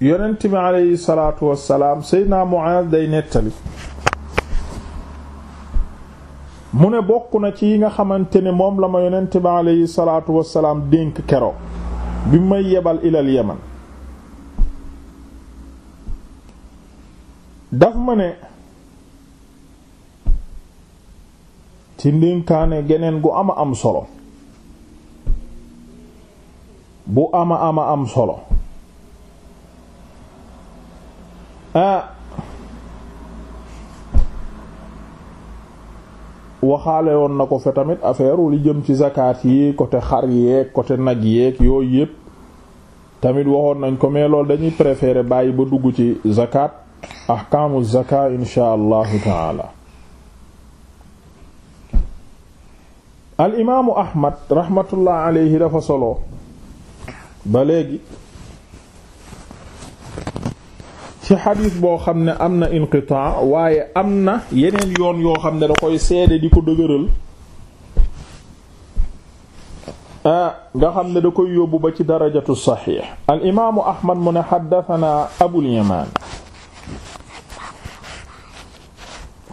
yonent bi aleyhi salaatu wassalaam seydna Muaaz day nettali mu ne bokk na ci yi nga xamante ne moom la ma yonent bi aleyhi salaatu wassalaam dénk keroog bi may yebal ilal yaman daf ma ne ci ndénkaane geneen gu ama am solo bu ama ama am solo Ah. waxaale woon na ko fa tamit affaire li jëm ci zakat yi côté xar yeeg côté nag yeeg yooyu yëpp tamit waxoon nañ ko mais loolu dañuy préférer bàyyi ba dugg ci zakat ahkaamu zakat insha allahu taala al imaamu ahmad rahmatullah alayhi dafa solo ba léegi ci xadiis boo xam ne am na inqitaa waaye am na yeneen yoon yoo xam ne da koy seede di ko dëgëral ah, nga xam ne da koy yóbbu ba ci darajatu saxiix al imaamu ahmad mu ne xaddatanaa abul yamaan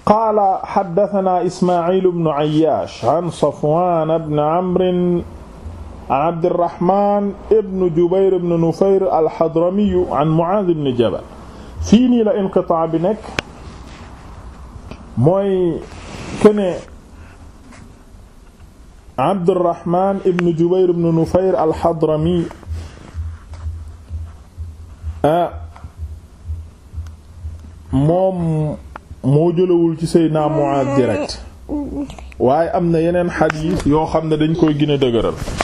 qaala xaddatanaa ismaaciil bnu ayyaash an safwaan bnu amrin an abdirahman ibnu jubair bnu nufayr alxadramiyu an mucaaz bnu jabal fii nii la inqitaa bi nekk mooy kene Abdurrahman ibn Jubayr ibn Nufayr al-Hadrami ah moom moo jëlawul ci Seydina Muaaz direct waaye am na yeneen xadiis yoo xam ne dañ koy gën a dëgëral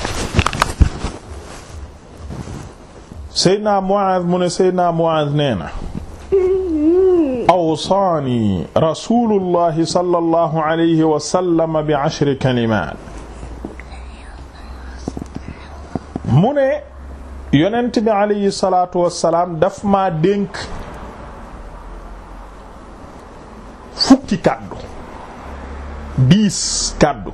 Seydina Muaaz mu ne Seydina Muaaz nee na awsaani rasulullahi sallallahu alayhi wa sallam bi ashri kalimaat mu ne fukki kàddu diis kàddu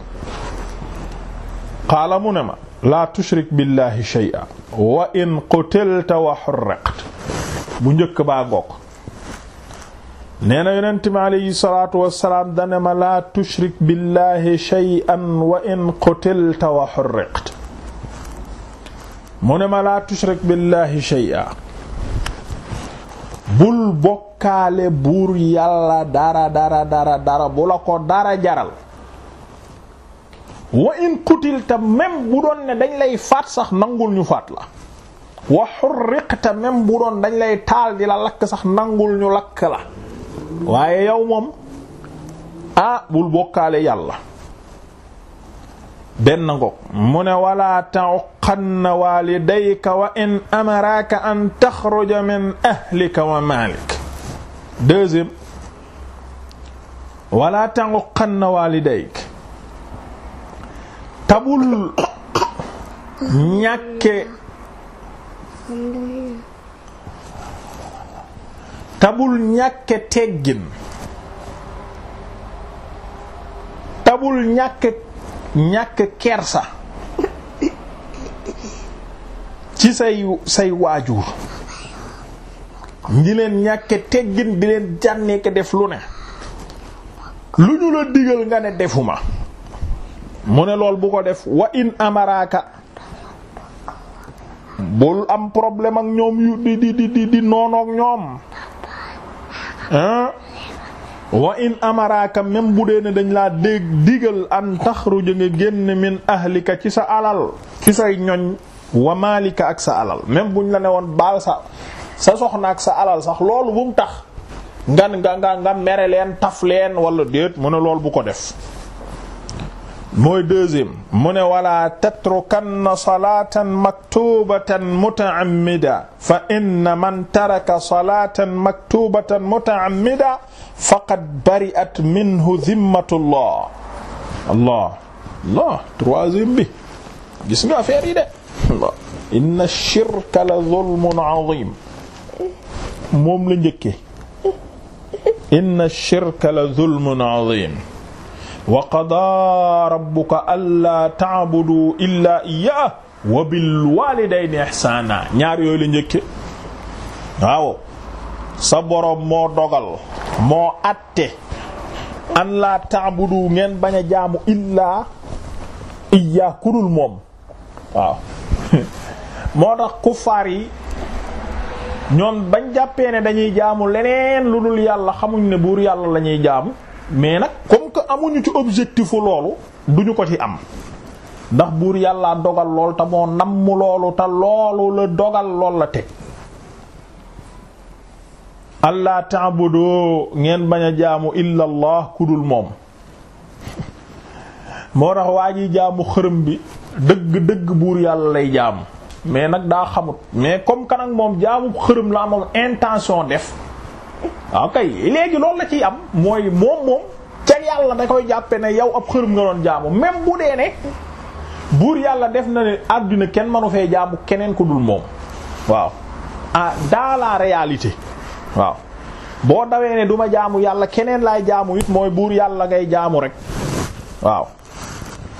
qaala mu ma laa tushrik billahi shay'an wa in qutilta wa nee na yonent mi aleyhi dane ma laa tushrik billahi shay'an wa in qutilta wa hurriqta mu ne ma laa tushrik billahi shay'a bul bokkaale buur yàlla dara dara dara dara bu la ko dara jaral wa in qutilta même bu doon dañ lay faat sax nangul ñu faat la wa hurriqta même bu doon dañ lay taal di la lakk sax nangul ñu lakk la waaye yow moom ah bul bokkaale yàlla benn ngoog mu ne wala ta'uqanna walidayka wa in amaraka an taxruja min ahlika wa malik deuxième wala ta'uqanna walidayka tabul tabul ñàkke teggin tabul ñàkk ñàkk kersa ci say say waajur ngi leen ñàkke teggin bi leen jànneeke def lu ne lu ñu la digal nga ne defuma mu ne lool bu ko def wa in amaraaka bul am problème ak ñoom di di di di noonook ñoom wa in amaraaka même bu dee ne dañ laa dégg digal an taxruja nga génn min ahlika ci sa alal ci say ñoñ wa maalika ak sa alal même buñ la ne woon baal sa sa soxna ak sa alal sax loolu bu tax nga nga nga mere leen taf leen wala déet mu ne lool bu ko def mooy deuxième mu ne wala tatrukanna salatan maktubatan mutaammida fa inna man taraka salatan maktubatan mutaammida faqad bari'at minhu dhimmatullah allah allah troisième bi gis nga affaire yi de inna shirka la zulmun azim moom la njëkke inna shirka la zulmun azim wa qadaa rabbuka allaa ta'budu illaa iyyaahu wa bil waalidayni ihsaana ñaar yooyu la njëkke waaw sa boroom moo dogal moo atte an laa ta'budu ngeen bañ a jaamu illaa iyyaahu kudul moom moo tax kuffaar yi ñoom bañ jàppee ne dañuy jaamu leneen lu dul yàlla xamuñ ne buur yàlla lañuy jaamu mais nag comme ko amuñu ci objectifu loolu duñu ko ci am ndax buur yàllaa dogal lool te moo namm loolu te loolu la dogal lool la teg allah ta'budu ngeen bañ a jaamu illa allah kudul moom moo tax waa ji jaamu xërëm bi dëgg dëgg buur yàlla lay jaamu mais nag daa xamut mais comme que nag moom jaamu xërëm la amoon intention def waaw ah, kay léegi loolu la ciy am mooy moom moom ca yàlla da koy jàppe na yow ab xërëm nga doon jaamu même bu dee ne buur yàlla def na ne àdduna kenn manu fee jaamu keneen ku dul moom waaw ah dans la waaw boo dawee ne du ma jaamu yàlla keneen laay jaamu it mooy buur yàlla ngay jaamu rek waaw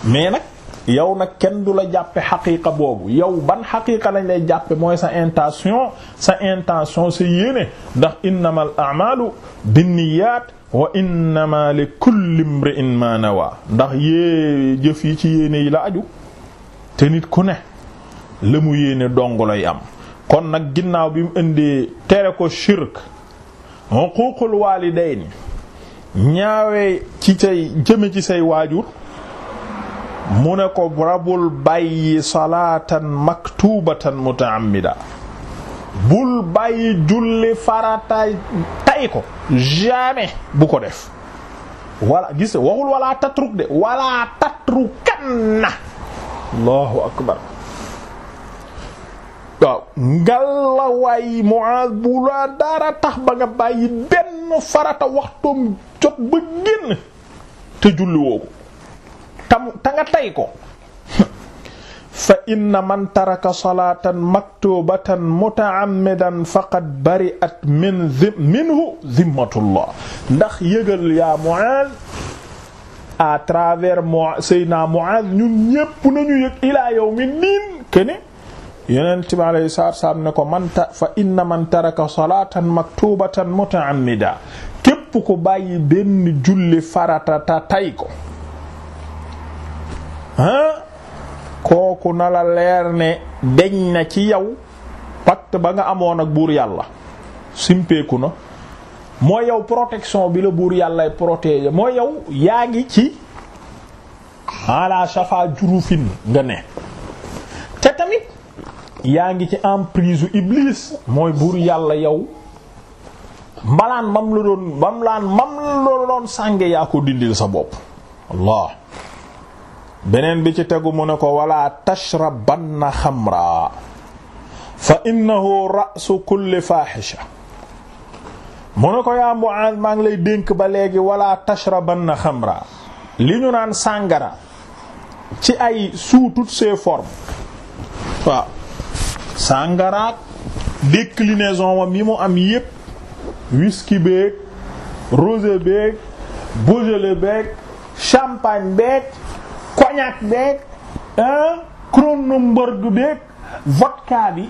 mais nag yow nag kenn du la jàppe xaqiiqa boobu yow ban xaqiiqa lañ lay jàppe mooy sa intention sa intention sa yéene ndax innamal a'malu binniyat wa innama li kulli imri'in ma nawa ndax yée jëf yi ci yéene yi la aju te nit ku ne la mu yéene dong lay am kon nag ginnaaw bi mu indee tere ko shirk huququl walidayni ñaawee ci say jëme ci say waajur mu ne ko rabul bàyyi salaatan maktubatan mutaammida bul bàyyi julli farataay tay ko jamais bu ko def wala gis waxul wala tatruk de wala tatrukanna allahu akbar waaw ngalla waay Muaaz bu la dara tax ba nga bàyyi benn farata waxtoom jot ba génn julli woo tam ta ko fa inna man taraka salaatan maktubatan mutaammidan faqad bari'at min minhu zimmatullah ndax yëgal yaa Mu'aaz à travers mo Seydina Mu'aaz ñun ñépp nañu yëg ilaa yawmi kene yonent bi alayhi salaatu ne ko man ta fa inna man taraka ko bàyyi benn julli farata ta tay ko kooku na la leer ne deñ na ci yow pacte ba nga amoon ak buur yàlla simpeeku na mooy yow protection bi la buur yàllay protéger mooy yow yaa ngi ci ala shafa jurufin nga ne te tamit yaa ngi ci en emprise iblis mooy buur yàlla yow mbalaan mam la doon bam laa mam la doon sànge yaa ko dindil sa bopp Allah beneen bi ci tegu mu ne ko wala tashrabanna fa innahu ra'su kulli faaxisha mu ne ko yaa Muaaz maa ngi lay dénk ba léegi wala tashrabanna xamra li ñu naan sàngara ci ay sous toutes ses formes waaw sàngaraak déclinaison wam yi mu am yépp whisky beeg rosé beeg beaujolais beeg champagne beeg cognac beeg Kronenbourg beeg vodka bi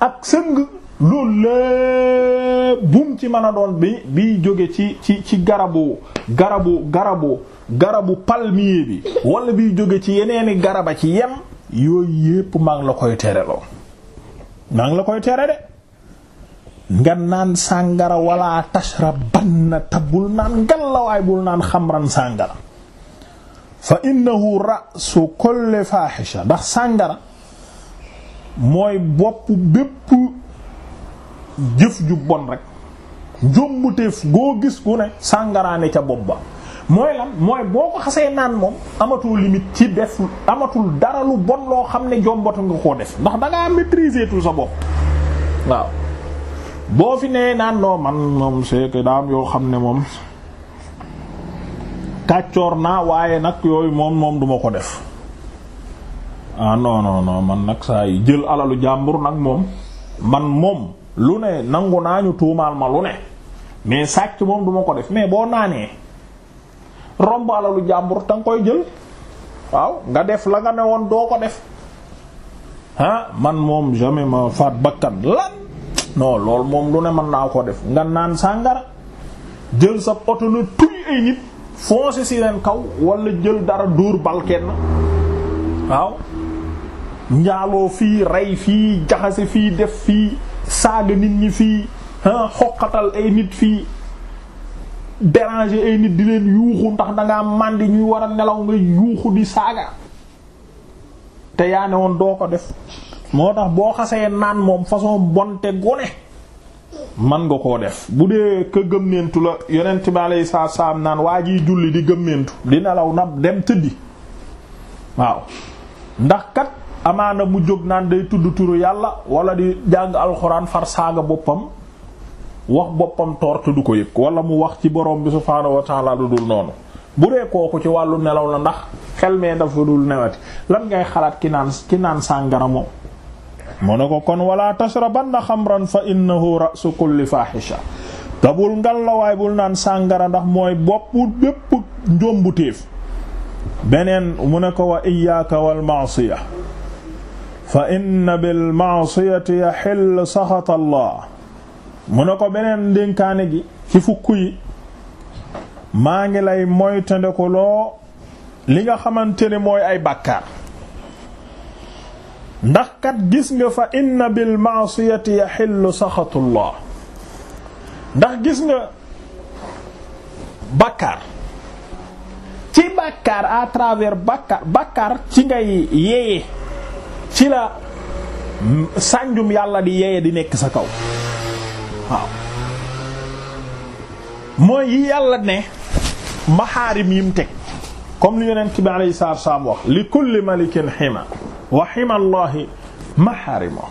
ak sëng loolu la bum ci mën a doon bi jóge ci ci ci garabu garabu garabu garabu bi wala biy jóge ci yeneeni garaba ci yem yooyu yépp maa la koy tere loo maa la koy tere de nga naan sàngara wala tashrabanna tabul naan ngallawaay bul naan xamran sàngara fa innahu ra'su kulli faaxisha ndax sàngara mooy bopp bépp jëf ju bon rek njombuteef goo gis gu ne sàngaraa ne ca bopp ba mooy lan mooy boo ko xasee naan moom amatul limite ci def amatul dara lu bon loo xam ne jombatu nga koo def ndax da ngaa sa bopp waaw boo fi nee naan noo man moom c'est que daam yoo xam ne moom kàccoor naa waaye nag yooyu moom moom duma ko def ah man nag saa yi jël alalu jàmbur nag moom man moom lu ne nangu naa ñu tuumaal ma lu ne mais sàcc moom duma ko def mais boo naanee romb alalu jàmbur danga koy jël waaw nga def la nga ne woon doo ko def ah man moom jamais ma faat bakkan lan non lool moom lu ne mën naa ko def nga naan sàngara jël sa oto na tuy ay nit foncer ci leen kaw walla jël dara dóor bal na waaw njaaloo fii rey fii jaxase fii def fii saaga nit ñi fii xoqatal ay nit fii déranger ay nit di leen yuuxu ndax dangaa màndi ñuy war a nelaw nga yuuxu di saaga te yaa ne woon doo ko def moo tax boo xasee naan moom façon bonte gone man nga koo def bu dee ka gëmmentu la yonent bi alayhi salaatu naan waa ji julli di gëmmentu di nelaw na dem tëddi waaw ndax kat amaana mu jóg naan day tudd turu yàlla wala di jàng alxuraan far saaga boppam wax boppam toor te du ko yëg walla mu wax ci borom bi subhaanahu wa ta'ala dul noonu bu dee kooku ci wàllu nelaw la ndax xel mee dafa dul newati lan ngay xalaat ki naan ki naan sàngara moom mu ne ko kon wala tashrabanna xamran fa innahu ra'su kulli faahisha te bul ngalawaay bul naan sàngara ndax mooy bopp bépp njombuteef beneen mu ne ko wa iyyaka wal ma'siya fa inna bil ma'siyati yahill saxat allah mu ne ko beneen dénkaane gi ci fukk yi maa ngi lay moytandiku loo li nga xamante ne mooy ay bàkkaar ndax kat gis nga fa inna bil ma'siyati yaxillu saxatullah ndax gis nga bàkkaar ci bàkkaar à travers bàkkaar ci ngay yeeye ci la sànjum yàlla di yeeye di nekk sa kaw waaw mooy yàlla ne maxaarim yim teg comme li yonent bi alayhi salaatu wa salaam wax li kulli malikin hima wa himallahi maharimo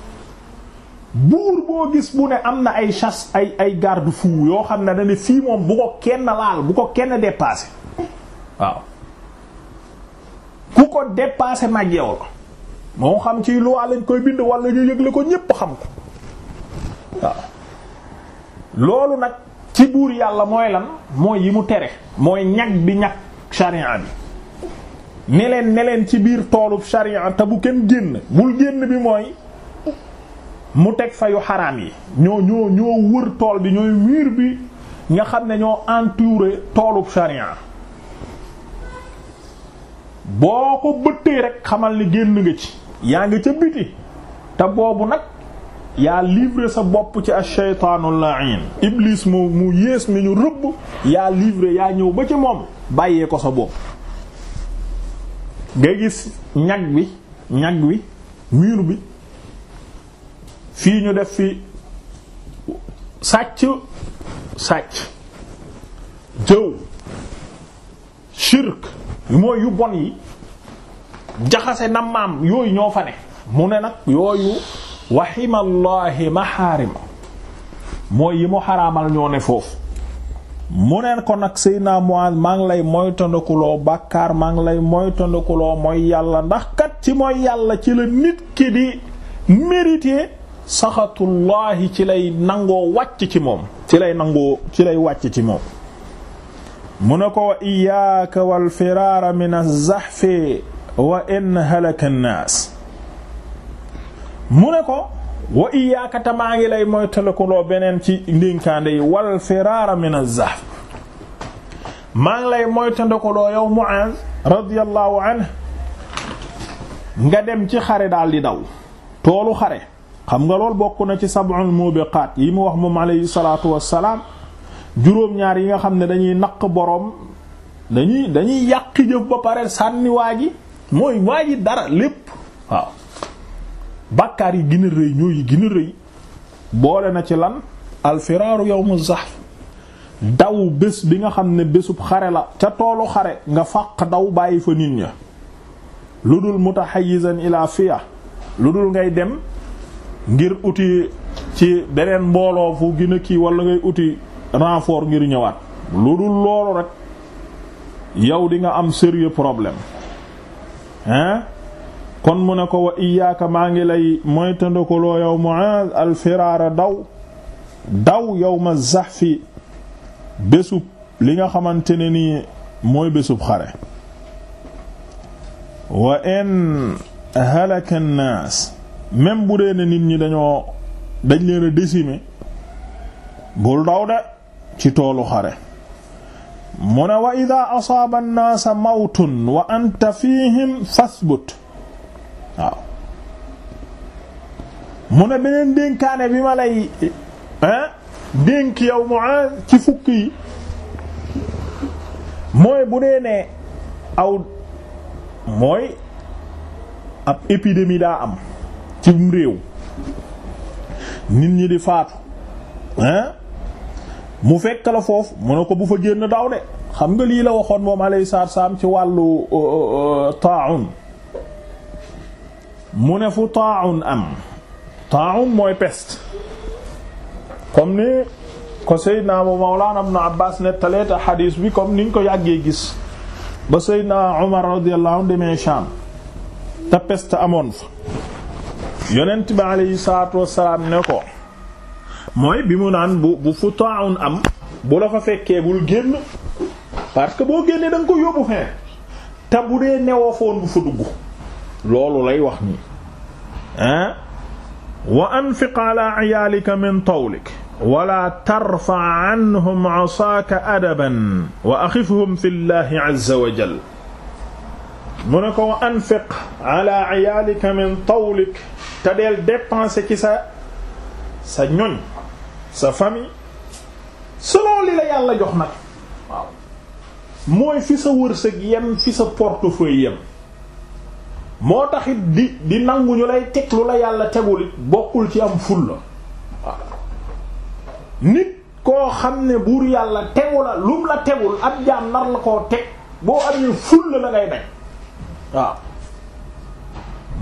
buur boo gis bu ne am na ay chasse ay ay garde-fou yoo xam ne dane fii moom bu ko kenn laal bu ko kenn dépassé waaw ku ko dépassé mag yow la moo xam ci loi lañ koy bind wala ñu yëgle ko ñépp xam ko waaw loolu nag ci buur yàlla mooy lan mooy yi mu tere mooy ñag bi ñag charia bi ne leen ne leen ci biir toolub sharia te bu kenn génn bul génn bi mooy mu teg fa yu xaraam yi ñoo ñoo ñoo wër tool bi ñooy miir bi nga xam ne ñoo entouré toolub sharia boo ko bëttee rek xamal ni génn nga ci yaa ngi ca biti te boobu nag yaa livré sa bopp ci ash-shaytaanu la'in iblis mu mu yées mi ñu rëbb yaa livré yaa ñëw ba ci moom bàyyee ko sa bopp nga gis ñag bi ñag wi miir bi fii ñu def fi sàcc sàcc jëw shirk mooy yu bon yi jaxase na maam yooyu ñoo fa ne mu ne nag yooyu waximallahi maxaarima mooy yi mu xaraamal ñoo ne foofu mu neen ko nag Seydina Muaz maa lay moytandikuloo bakkar maa lay moytandikuloo mooy yàlla ndax kat ci mooy yàlla ci la nit ki di mérité saxatullaahi ci lay nangoo wàcc ci moom lay nangoo ci wàcc ci moom mu ne ko wa iyaaka wal firaara min az wa in halaka an mu ne ko wa iyyaaka maa ngi lay moytalikuloo beneen ci ndénkaande yi wal firaara min az maa ngi lay moytandikuloo yow Mu'aaz radiyallahu anhu nga dem ci xare daal di daw toolu xare xam nga lool bokk na ci sab'ul mubiqaat yi mu wax moom alayhi salaatu wassalaam juróom-ñaar yi nga xam ne dañuy naq boroom dañuy dañuy yàq jëf ba pare sànni waa mooy waa ji dara lépp waaw bakkaar yi gën a rëy ñoo yi gën rëy boole na ci lan alfiraaru yawmu zahf daw bés bi nga xam ne bésub xare la ca toolu xare nga fàq daw bàyyi fa nit ña lu dul mu mutahayyizan ila fiya lu dul ngay dem ngir uti ci beneen mbooloo fu gën a kii wala ngay uti renfort ngir ñëwaat lu dul loolu rek yow di nga am sérieux problème hein kon mu ne ko wa iyaaka maa ngi lay moytandikuloo yow Muaaz alfiraara daw daw yow yawma zahfi bésub li nga xamante ne nii mooy xare wa in halaka an-naas même bu dee nit ñi dañoo dañ leen a décimer bul daw de ci toolu xare mu ne wa idaa asaaba an-naasa mawtun wa anta fiihim fasbut waaw mu ne beneen dénkaane bi ma lay dénk yow Muaz ci fukk yi mooy bu dee ne aw mooy ab épidémie daa am ci réew nit ñi di faatu hein mu fekk la foofu mu ne ko bu fa génn daw de xam nga lii la waxoon moom alayhi saam ci wàllu euh, euh, euh, taa'un mu ne fu taaun am taaun mooy pest comme ni ko Seydina bu Mawlaana Ibn Abbaas nettalee xadiis bi comme niñ ko yàggee gis ba Seydina Umar radiyallahu anhu demee Shaam te pest amoon fa yonent bi aleyhi salaatu wassalaam ne ko mooy bi mu naan bu bu fu taaun am bu la fekkee bul génn parce que boo génnee da ko yóbbu fee te bu dee newofoon bu fa dugg loolu lay wax nii ah wa anfiq ala ciyaalika min tawlik wala tarfa anhum asaaka adaban wa axifhum fi llahi azza wa jal mu ne ko wa anfiq ala ciyaalika min tawlik te deel dépenser ci sa sa ñoñ sa famille selon li la yàlla jox nag waaw mooy fi sa wërsëg yem fi sa portefeuille yem moo taxit di di nangu ñu lay teg la yàlla tegul it bokkul ci am ful la nit koo xam ne buur yàlla tegu lum la tegul ab jaam nar la koo teg boo amee ful la la ngay bañ waaw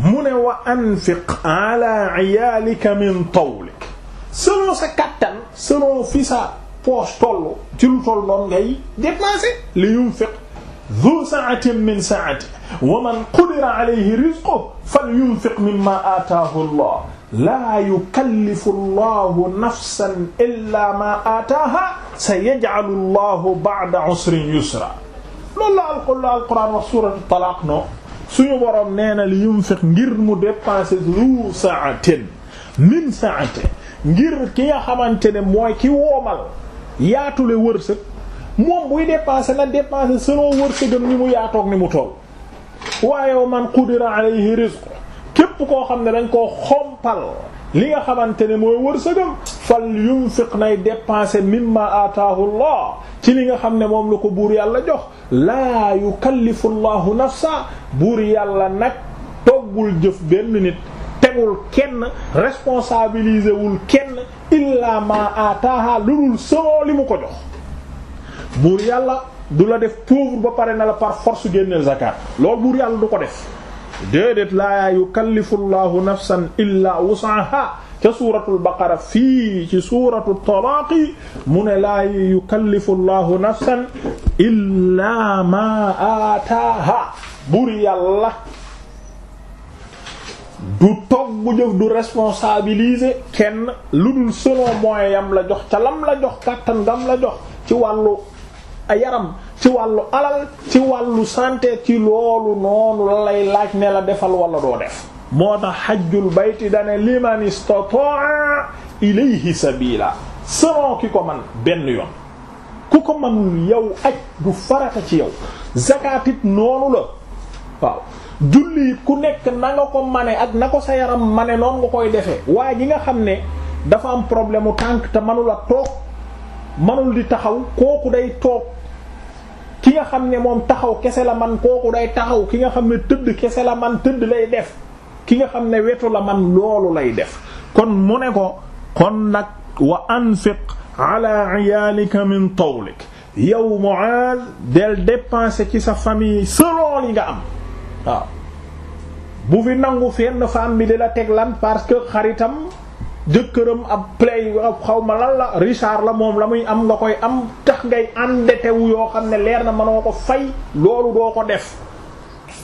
mu ne wa anfiq ala iyalika min tawlik selon sa kàttan selon fi sa poche toll ci lu toll noonu ngay dépenser li yunfiq zu sa'atin min sa'ati wa man qudira alayhi rizquhu falyunfiq mimma aataahu allah laa yukallifu allahu nafsan illa ma aataaha sayaj'alu allahu ba'da 'usrin yusra loolu la alquran wax suuratu talaaq no suñu boroom nee na li yunfiq ngir mu dépenser zu sa'atin min sa'ati ngir ki nga xamante ne mooy ki woomal yaatule wërsëg moom buy dépenser na dépenser selon wërsëgam ni mu yaatoog ni mu toll waaye wa man qudira alayhi rizqu képp koo xam ne dañ koo xompal li nga xamante ne moo mooy wërsëgam fal yunfiq nay dépenser mimma ataahu allah ci li nga xam ne moom la ko buur yàlla jox laa yukallifu allahu nafsa buur yàlla nag toggul jëf benn nit tegul kenn responsabilisé wul kenn illaa ma ataaha lu dul solo li mu ko jox buur yàlla du la def pauvre ba pare na la par force génneel zakat loolu buur yàlla du ko def déedéet laa yukallifu llahu nafsan illa wus'aha ca suuratu baqara fii ci suuratu talaaqi mu ne laa yukallifu llahu nafsan illa ma aataaha buur yàlla du toog bu jëf du responsabiliser kenn lu dul selon moyen yam la jox ca lam la jox kàttan gam la jox ci wàllu yaram ci wàllu alal ci wàllu santé ci loolu noonu la lay laaj ne la defal wala doo def moo tax xajjul bayti dane liman istata'a ilayhi sabila selon ki ko man benn yoon ku ko manul yow aj du farata ci yow zakatit noonu la waaw julli it ku nekk na nga ko mane ak na ko sa yaram mane noonu nga koy defee waaye ji nga xam ne dafa am problème mu tànk te manula toog manul di taxaw kooku day toog ki nga xam ne moom taxaw kese la man kooku day taxaw ki nga xam ne tëdd kese la man tëdd lay def ki nga xam ne wetu la man loolu lay def kon mu ne ko kon nag wa anfiq ala iyalika min tawlik ci sa famille selon li nga am waaw bu fi nangu fenn femme bi di la teg lan parce que xaritam jëkkëram ab play xaw ma lan la Richard la moom la muy am nga koy am tax ngay endetté wu yoo xam ne leer na ma mënoo ko fay loolu doo ko def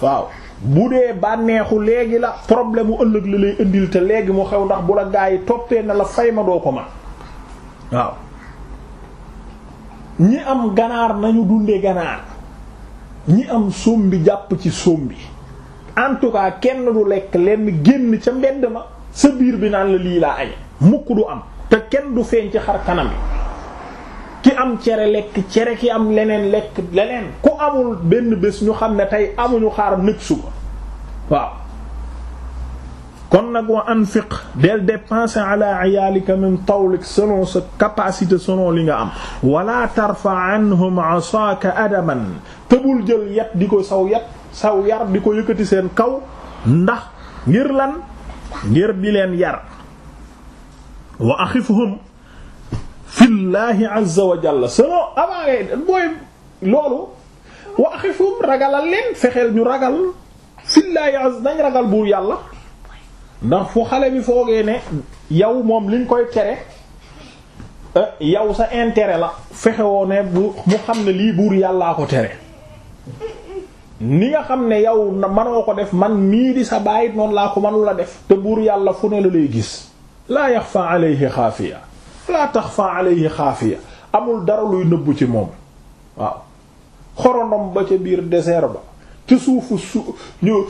waaw bu dee bànneexu léegi la problème mu ëllëg la lay indil te léegi mu xew ndax bu la gaa yi toppee na la fay ma doo ko man waaw ñi am ganaar nañu dunde ganaar ñi am sombi jàpp ci sombi en tout cas kenn du lekk lenn génn ca mbedd ma sa biir bi naan la lii laa añe mukk du am te kenn du feeñ ci xar kanam ki am cere lekk cere ki am leneen lekk leneen ku amul benn bés ñu xam ne tey amuñu xaar nëg suba waaw kon nag wa anfiq del dépenser ala iyalika min tawlik selon sa capacité selon li nga am wala tarfa anhum asaaka adaman tëbul jël yet di ko saw yat saw yar di ko yëkkati seen kaw ndax ngir lan ngir bi leen yar wa axifhum fillaahi azza wa jalla selon avant ngay booy loolu wa axifhum ragalal leen fexeel ñu ragal fillaahi azza ragal buur yàlla ndax fu xale bi foogee ne yow moom liñ koy tere eh, yow sa intérêt la fexewoo ne bu mu xam ne lii buur yàllaa ko tere ni nga xam ne yow manoo ko def man mii di sa bàyyit noonu laa ko mënula def te buur yàlla fu ne la lay gis laa yaxfa alayhi xaafiya laa taxfa alayhi xaafiya amul dara luy nëbbu ci moom waaw xorondom ba ca biir désert ba ci suufu su ñu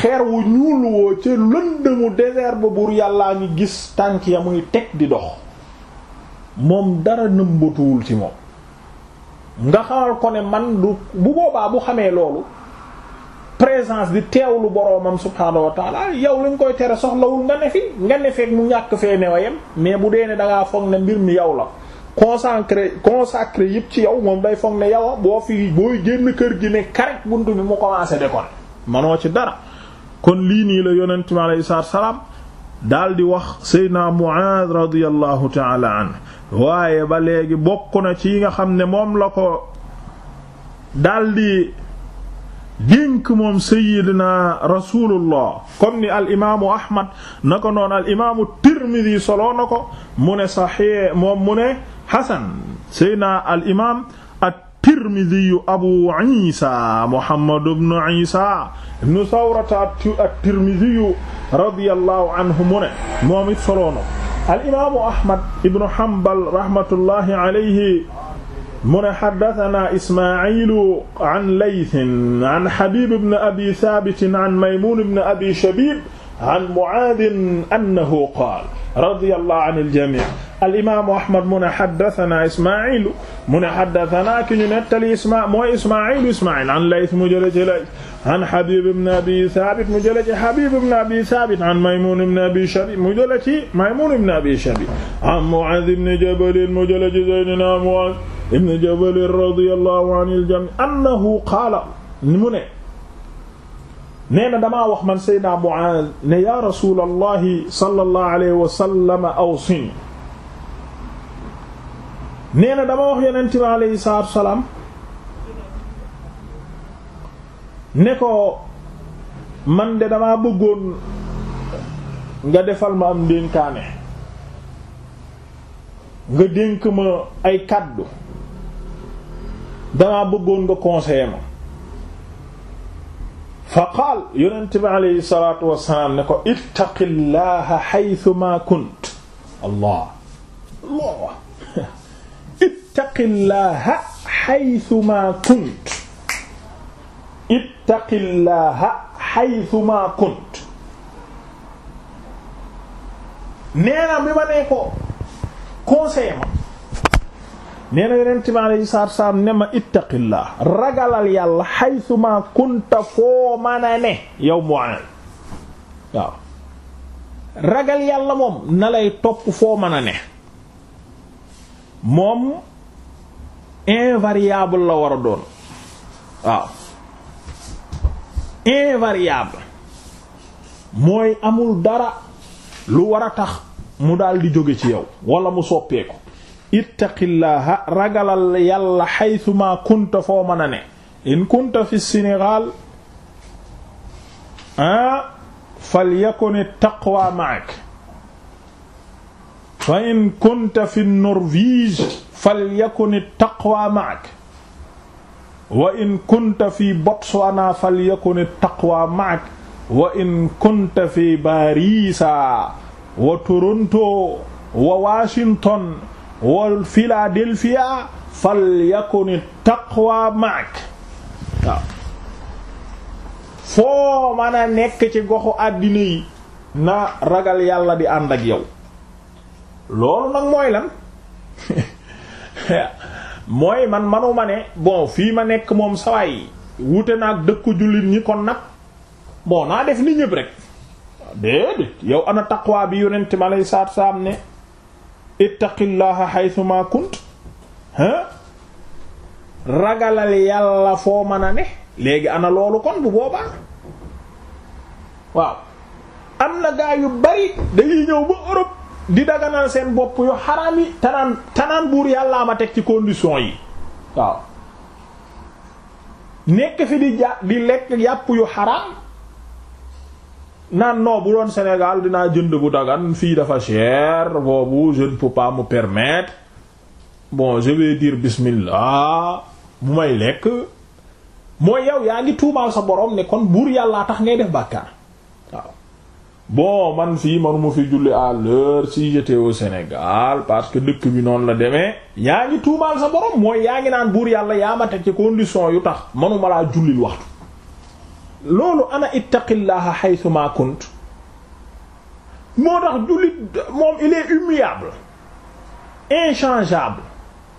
xeer wu ñuul woo ca lëndëmu désert ba buur yàllaa ngi gis tànk ya muy teg di dox moom dara nëmbatuwul ci moom nga xamal ko ne man du bu boobaa bu xamee loolu présence di teewlu boroomam subhaanahu wa taala yow lañ koy tere soxlawul nga ne fi nga ne feek mu ñàkk fee ne wayam mais bu dee ne da foog ne mbir mi yow la consacré consacré yëpp ci yow moom day foog ne yow boo fi booy génn kër gi ne karek bunt bi mu commencé de kon manoo ci dara kon lii nii la yonent mi alayhi salaam daal di wax Seydina Muaaz radiyallahu taala anhu waaye ba léegi bokk na ci yi nga xam ne moom la ko daldi dénk moom sayyidina rasulullah comme ni al imaamu ahmad na ko noon al imaamu tirmidi soloo na ko mu ne moom mu ne xasan sayyidina al imaam at-tirmidi abu isa muhammad ibn isa ibn sawrata at-tirmidi radiyallahu anhu moom it soloo al imaamu ahmad ibnu hanbal rahmatullahi alayhi mu ne xaddatana ismailu an laytin an habib ibn abi thabitin an maymun ibn abi shabib an muaadin annahu qaala radiyallahu anil jamii al imaamu ahmad mu ne xaddatana ismailu mu ne xaddatana ki ñu nettali isma mooy ismailu ismail an layt mu jële ci layt an Habib ibn Abi Thabit mu jëlee ci Habib ibn Abi Thabit an Maymun ibn Abi Shabib mu jëlee ci Maymun ibn Abi Shabib an Mu'adh ibn Jabal mu jëlee ci Seydina Mu'adh ibn Jabal radiyallahu anil jami' annahu qaala mu ne nee na damaa wax man Seydina Mu'adh ne yaa Rasulallahi sallallahu alayhi wa sallam awsini nee na dama wax Yonent bi alayhi salaatu wa salaam ne ko man de damaa bëggoon nga defal ma am dénkaane nga dénk ma ay kàddu damaa bëggoon nga conseiller ma fa qaal yonent bi aleyhi salatu wasalaam ne ko ittaqillaha haythuma kunt allah allah ittaqillaha haythuma kunt ittaqillaaha haythuma kunt nee na bi ma nee ko conseil ma nee na yonent mi alayhi salaatu salaam ma ittaqillah ragalal yàlla haythuma kunta foo ragal yàlla moom na topp foo mën a ne moom invariable la war a doon invariable mooy amul dara lu wara tax mu daldi di jóge ci yow wala mu soppeeku ittaqillaha ragalal yàlla xaytuma kunta foo mën a ne in kunta fi Sénégal ah falyakun taqwa ma'ak fa in kunta fi Norvège falyakun taqwa ma'ak wa in kunta fi Botswana falyakun taqwa ma'ak wa in kunta fi Barisa wa Toronto wa Washington wa Philadelphia falyakun taqwa ma'ak foo mën a nekk ci goxu àddina yi na ragal yàlla di ànd ak yow loolu nag mooy lan mooy man manuma ne bon fii ma nekk moom sawaay wute naag dëkku jullit ñi kon nag bon naa def ni ñëpp rek déedéet yow ana taqwa bi yonent ma lay saat saam ne ittaqillaha haythuma kunt hein ragalal yàlla foo man a ne léegi ana loolu kon bu boobaa waaw am na gaa yu bari dañuy ñëw ba Europe di daganal seen bopp yu xaraam yi tanaan tanaan buur yàllaa ma teg ci condition yi waaw nekk fi di ja di lekk yàpp yu xaraam naan non bu doon Sénégal dinaa jënd bu dagan fii dafa cher boobu je ne pas me permettre bon je vais dire bismillah bu may lekk mooy yow yaa ngi tuumaal sa borom ne kon buur yàllaa tax ngay def bàkkaar waaw bon man fii manuma fi julli à l'heure si j'étais au Sénégal parce que dëkk bi noonu la demee yaa ngi tuumaal sa borom mooy yaa ngi naan buur yàlla yaa ma teg ci condition yu tax manuma laa jullil waxtu loolu ana ittaqillaha haythu ma kunt moo tax jullit moom il est immuable inchangeable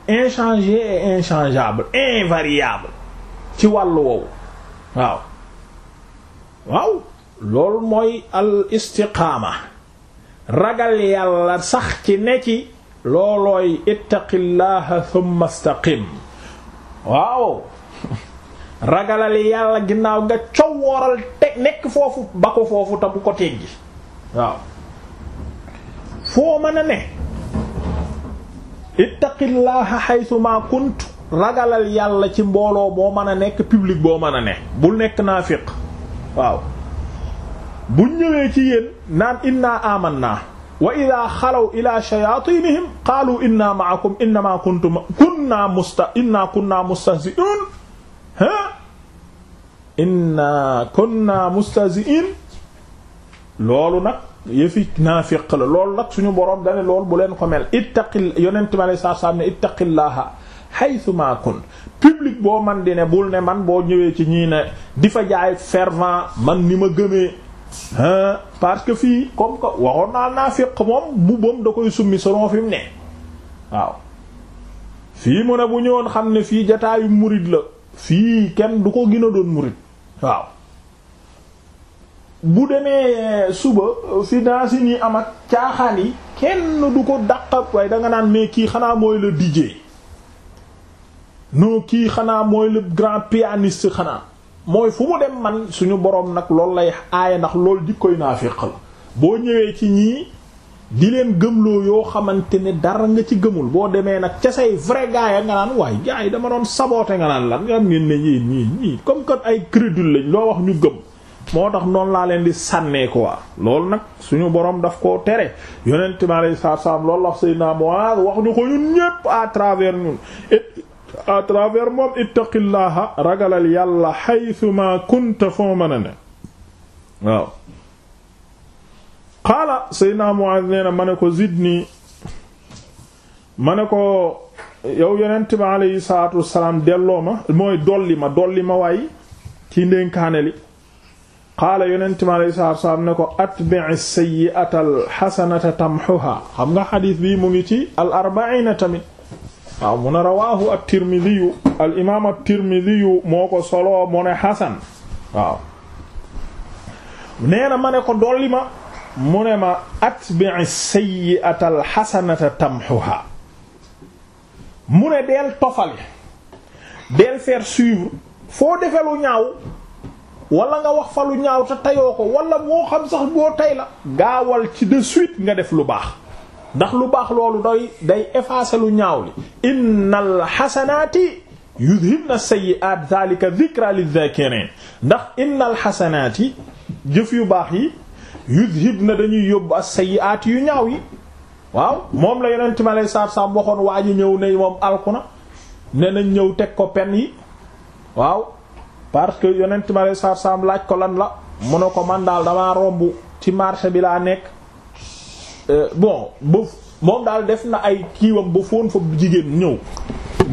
inchangé et ci wàllu woowu waaw waaw lool mooy al istiqaama ragal yàlla sax ci ne ci loolooy ittaqillaha thumma istaqim waaw ragalal yàlla ginnaaw nga cowooral teg nekk foofu ba ko foofu te bu ko teggi waaw foo mën a ne ittaqillaha haythuma kunt ragalal yàlla ci mbooloo boo mën a nekk piblik boo mën a ne bul nekk naafiq waaw bu ñëwee ci yéen naan inna amanna wa ida xalaw ila shayatinihim qaalu inna ma'akum inna kunna mustahzi'un ha inna kunna mustahzi'in loolu nag yëfi naafiq la loolu nag suñu boroom dane lool bu leen ko mel ittaqil yonent mi alayhi salaatu salaam ne ittaqillaha haythuma kun public boo man di bul ne man boo ñëwee ci ñii ne di fa jaay fervent man ni ma gëmee parce que fii comme que waxoon naa naafiq moom mbubbam da koy summi selon fi ne waaw fii mu bu ñëwoon xam ne fii jataayu murid la fii kenn du ko gën doon murid waaw bu demee euh, suba euh, fi dansin yi am ak caaxaan yi kenn du ko dàq waaye danga naan mais kii xanaa mooy le DJ non kii xanaa mooy le grand pianiste xanaa mooy fu mu dem man suñu borom nag loolu lay aaya ndax loolu jikkoy naafiq la boo ñëwee ci ñii di leen gëmloo yoo xamante ne dara nga ci gëmul boo demee nag ca say vrai gars ya nga naan waaye gars yi dama doon saboote nga naan lan nga am ngeen ne ñii ñii ñii comme que ay crédule lañ loo wax ñu gëm moo tax noonu laa leen di sànnee quoi loolu nag suñu borom daf ko tere yonent mi alayhi salaam loolu la Seydina Muaaz wax ñu ko ñun ñépp à travers ñun à travers moom ittaqillaha ragalal yàlla xaytuma kunta foo mën a ne qaala saydna Mu'aaz nee na ma ne ko zidni ma ne ko yow yonent bi aleyhi salaatu wasalaam delloo ma mooy dolli ma dolli ma waay ci ndénkaane li qaala yonent bi aleyhi salaatu wasalaam ne ko atbi'i sayyi'ata alxasanata tamxuha xam nga xadiis bii mu ngi ci al arba'iina tamit waaw mu ne rawaahu at-Tirmidhi al imaam at-Tirmidhi moo ko soloo mu ne Hasan waaw na ma ne ko dolli ma mu ne ma atbi'i sayyi'ata al-hasanata tamhuha mu ne tofale deel faire suivre foo defelu lu ñaaw wala nga wax fa ñaaw te tayoo ko wala moo xam sax boo tay la gaawal ci de suite nga def lu baax ndax lu baax loolu doy day effacer lu ñaaw li innal xasanaati yudhibna sayyi'aat zaalika dhikra lidh-dhaakirin ndax innal xasanaati jëf yu baax yi na dañuy yóbbu as-sayyi'aat yu ñaaw yi waaw moom la yonent ma lay saab saab waxoon waa ji ñëw ne moom alku na ne nañ ñëw teg ko pen yi waaw parce que yonent ma lay saab laaj ko lan la mu ne ko man daal damaa romb ci marché bi laa nekk Euh, bon ba moom daal def na ay kiiwam ba foon fa jigéen ñëw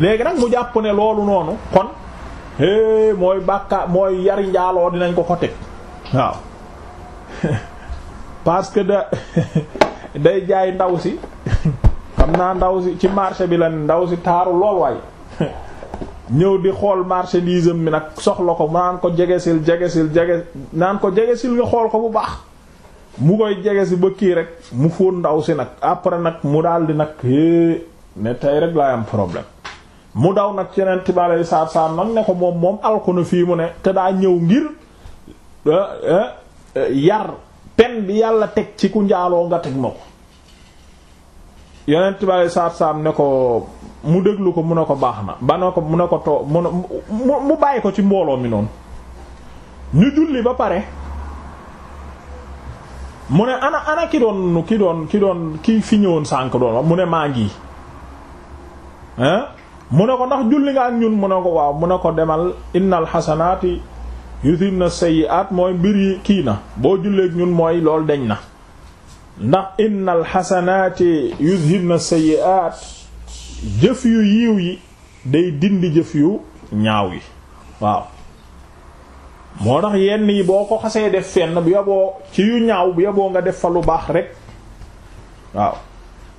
léegi nag mu jàpp ne loolu noonu kon é mooy bàkka mooy yari njaaloo dinañ ko ko teg waaw parce que da day jaay ndaw si xam naa ndaw si ci marché bi la ndaw si taaru lool waay ñëw di xool marchandise am bi nag soxla ko naan ko jegesil jegesil jege naan ko jegesil nga xool ko bu baax mu koy jege si ba kii rek mu fóon ndaw si nag après nag mu daal di nag é ne tey rek laay problème mu daw nag yenent bi aleyi saatu salaam nag ne ko moom moom alko na fii mu ne te daa ñëw ngir eh, eh, yar pen bi yàlla teg ci ku njaaloo nga teg ma ko yonent bi alei saatu salaam ne ko mu déglu ko mu ne ko baax na ba ne ko mu ne ko to mu mu bàyyi ko ci mbooloo mi noonu ñu julli ba pare mu ne ana ana ki doon ki doon ki doon ki fi ñëwoon sànk doon wax mu ne maa ngi mu ne ko ndax julli nga ak ñun mu ne ko waaw mu ne ko demal innal xasanaati yudhibna sayyi'aat mooy mbir yi kii na boo julleek ñun mooy lool deñ na ndax innal xasanaati yudhibna sayyi'aat jëf yu yiiw yi day dindi jëf yu ñaaw yi waaw moo tax yenn yi boo ko xasee def fenn bu yoboo ci yu ñaaw bu yoboo nga def fa lu baax rek waaw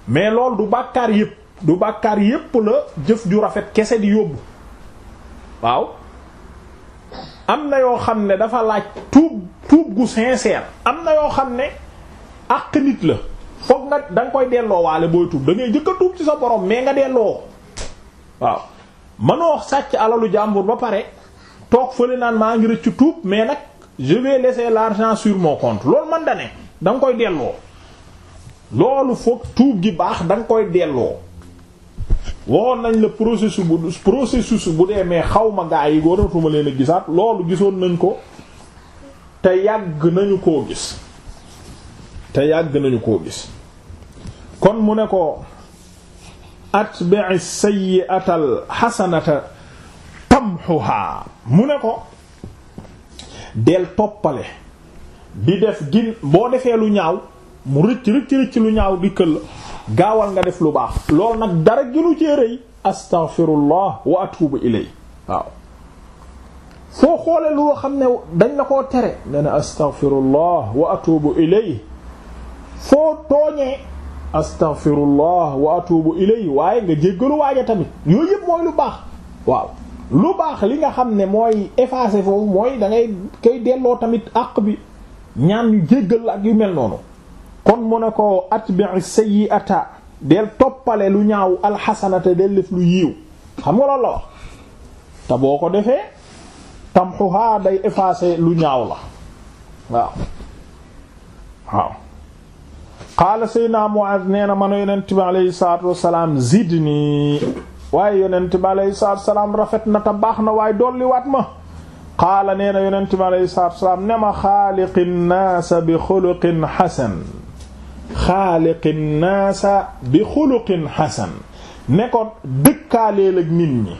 mais loolu du bàkkaar yépp du bàkkaar yépp la jëf ju rafet kese di yóbbu waaw am na yoo xam ne dafa laaj tuub tuub gu sincère am na yoo xam ne àq nit la foog nga da koy delloo waale booy tuub da ngay tuub ci sa borom mais nga delloo waaw mënoo sàcc alalu jàmbur ba pare toog fële naan maa ngi rëccu tuub mais nag je vais laisser l'argent sur mon compte loolu man da ne da koy delloo loolu foog tuub gi baax da nga koy delloo waxoon nañ la processus bu processus bu dee mais xaw ma gaa yi waratuma leen a gisaat loolu gisoon nañ ko te yàgg nañu koo gis te yàgg nañu koo kon mu ne ko atbi'i sayyi'ata al hasanata tamhuha mu ne ko del toppale bi def gin boo defee lu ñaaw mu rëcc rëcc rëcc lu ñaaw di këll gaawal nga def lu baax loolu nag dara ginu cee rëy astaghfirullah wa atubu ilay foo xoole lu xam ne dañ la koo tere nga ne astaghfirullah wa atubu ilay foo tooñee astaghfirullah wa atubu ilay waaye nga jéggalu waaja tamit yooyu yëpp mooy lu baax waaw lu baax li nga xam ne mooy effacer foofu mooy dangay ngay koy delloo tamit àq bi ñaan ñu jéggal la ak yu mel noonu kon mu ne ko atbi'i sayyi'ata del toppale lu ñaaw alxasanata del def lu yiw xam nga la wax te boo ko defee tamxuha day effacer lu ñaaw la waaw waaw qaala sayyidina Mu'adh nee na mën a yonent bi alayhi salaatu wassalaam zidni waaye yonent bi aleyhi salaatu salaam rafet na te baax na waaye dolliwaat ma qaala nee na yonent bi aleyhi salaatu salaam ne ma xaaliqi nnaasa bi xuluqin xasan xaaliqi nnaasa bi xuluqin xasan ne ko dëkkaaleel ak nit ñi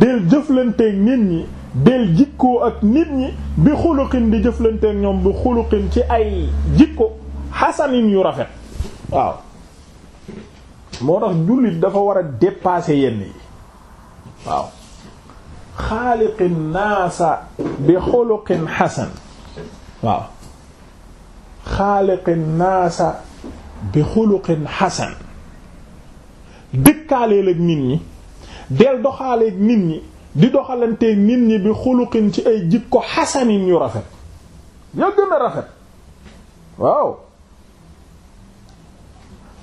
del jëflanteeg nit ñi del jikkoo ak nit ñi bi xuluqin di jëflanteeg ñoom bi xuluqin ci ay jikko xasanin yu rafet waaw moo tax jullit dafa war a dépasser yenn yi waaw xaaliqin naasa bi xuluqin xasan waaw xaaliqin naasa bi xuluqin xasan dëkkaaleel ak nit ñi del doxaaleeg nit ñi di doxalanteeg nit ñi bi xuluqin ci ay jikko xasanin yu rafet ya gën a rafet waaw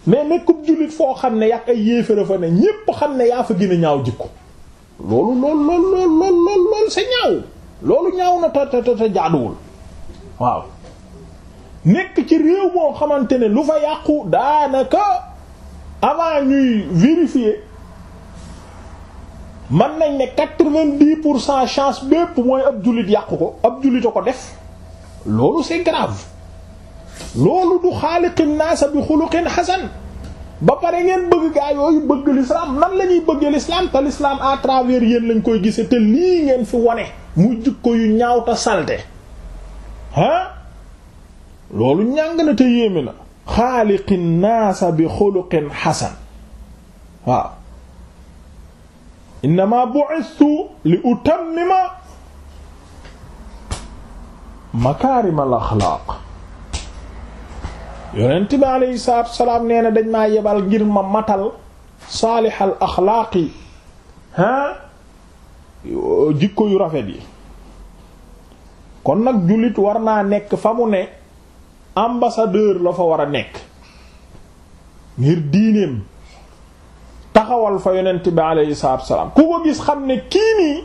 mais nekkub jullit foo xam ne yàq ay yéefara fa ne ñépp xam ne yaa fa gën ñaaw jikko loolu loolu loolu loolu loolu loolu sa ñaaw loolu ñaaw na ta ta ta jaaduwul waaw nekk ci réew moo xamante ne lu fa yàqu daanaka avant ñuy vérifier mën nañ ne quatre vingt pour cent chance bépp mooy ab jullit yàqu ko ab jullit a ko def loolu c'est grave loolu du xaaliqin naasa bi xuluqin hasan ba pare ngeen bëgg gaa yooyu bëgg l'islam nan la ñuy bëggee l'islam te l'islam à travers yéen lañ koy gisee te lii ngeen fi wone mu jikko yu ñaawta te salte ah loolu ñàng na te yéeme na xaaliqin naasa bi xuluqin hasan waaw innama bu'istu li utammima makaarimal axlaaq yonent bi aleyhi salaatu salaam nee na dañ maa yebal ngir ma matal saalixal axlaaqi ah jikko yu rafet yi kon nag jullit war naa nekk fa mu ne ambassadeur la fa war a nekk ngir diineem taxawal fa yonent bi aleyhi salaatu salaam ku ko gis xam ne kii nii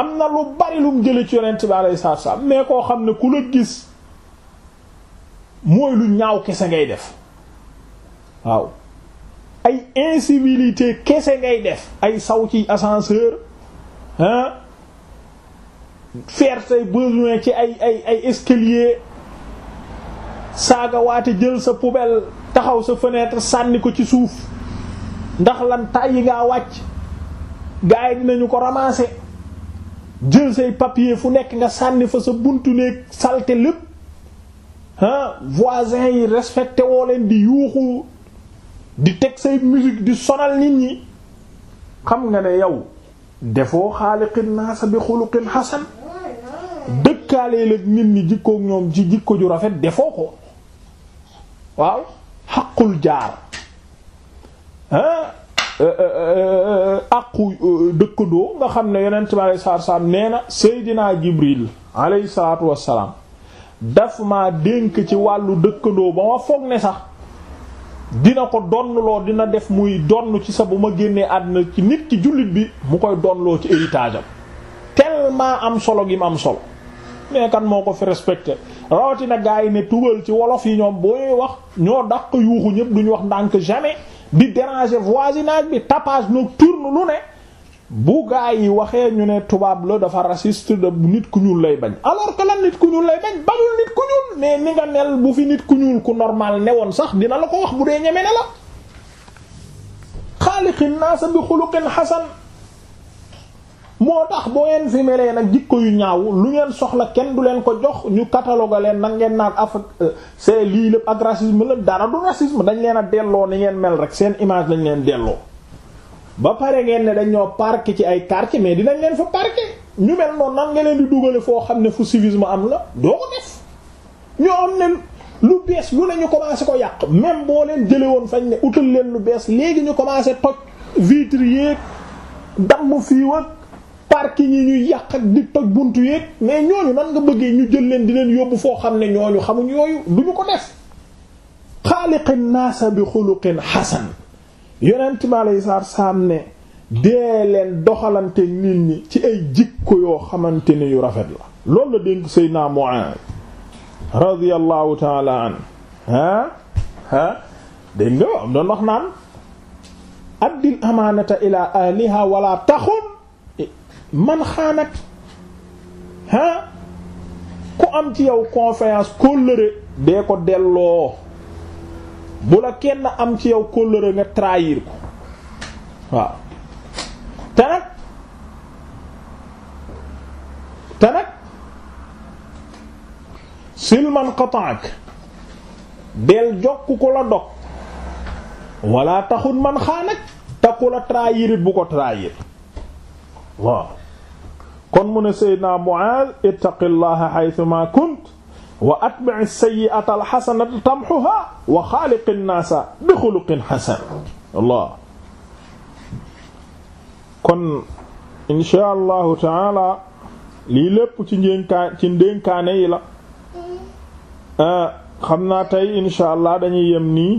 am na lu bari lum jële ci yonent bi aleyhi salaam mais koo xam ne ku la gis. mooy lu ñaaw kese ngay def waaw ay incivilité kese ngay def ay saw ci ascenseur hein faire say besoin ci ay ay ay escalier saaga waate jël sa poubelle taxaw sa fenêtre sànni ko ci suuf ndax lan tàyyi ngaa wàcc gaa yi dinañu ko ramasser jël say papier fu nekk nga sànni fa sa buntu néeg salte lépp ah voisins yi respecté woo leen di yuuxu di teg say musique di sonal nit ñi xam nga ne yow defoo xaaliqin naasa bi xuluqin xasan dëkkaaleel ak nit ñi jikkook ñoom ci jikko ju rafet defoo ko waaw xaqul jaar ah euh, aqu euh, euh, dëkkandoo nga xam ne yonent bi alayhi salaatu wa salaam nee na Seydina Jibril alayhi salaatu wa salaam daf ma dénk ci wàllu dëkkandoo ba ma foog ne sax dina ko donnloo dina def muy donn ci sa bu ma génnee àdduna ci nit ki jullit bi mu koy donnloo ci héritage am tellement am solo gi mu am solo mais kan moo ko fi respecté rawatina gars yi ne tugal ci wolof yi ñoom booy wax ñoo daq yuuxu ñëpp duñu wax ndànk jamais di déranger voisinage bi tapage nocturne lu ne bu gaa yi waxee ñu ne tubaab la dafa raciste de nit ku ñuul lay bañ alors que lan nit ku ñuul lay bañ bañul nit ku ñuul mais ni nga nel bu fi nit ku ñuul ku normal woon sax dina la ko wax bu dee ñeme ne la xaaliqin naasa bi xuluqin xasan moo tax boo ngeen fi melee nag jikko yu ñaaw lu ngeen soxla kenn du leen ko jox ñu catalogué leen nag ngeen naan af euh, c'est lii lépp ak racisme la dara du racisme dañ leen a delloo ni ngeen mel rek seen image lañ leen delloo ba pare ngeen ne dañ ñoo parqué ci ay quartier mais dinañ leen fa parqué ñu mel noonu nan nga leen di duggale foo xam ne fu civisme am la doo ko def ñoo am ne lu bees lu ne ñu commencé ko yàq même boo leen jële woon fañ ne utal leen lu bees léegi ñu commencé toj vitre yeeg damm fii ak parking yi ñuy yàq ak di toj bunt yeeg mais ñooñu nan nga bëggee ñu jël leen di leen yóbbu foo xam ne ñooñu xamuñ yooyu du ñu ko def xaaliqin sa bi xuluqin hasan yonent mi aleyhi salaatu salaam ne dee leen doxalante nit ñi ci ay jikko yoo xamante ne yu rafet la loolu la dénk Seydina Mu'aaz radiyallahu taala an ah ah dégg nga am doon wax naan addil amaanata ila ahliha wala taxun man xaanak ah ku am ci yow confiance kóllëre dee ko delloo bu la kenn am ci yow kóllëre nga trahir ko waaw te nag te nag silman qata'ak del la dog wala taxut man xaanak te ku la it bu ko trahir waaw kon mu ne Seydina Mu'aaz ittaqillaha haythuma kunt wa atbi'i sayyi'ata alxasanata tamxuha wa xaaliqi nnaasa bi xuluqin xasan Allah kon insha allahu taala lii lépp ci ndénkaan ci ndénkaane yi la ah, xam naa tey insha allah dañuy yem nii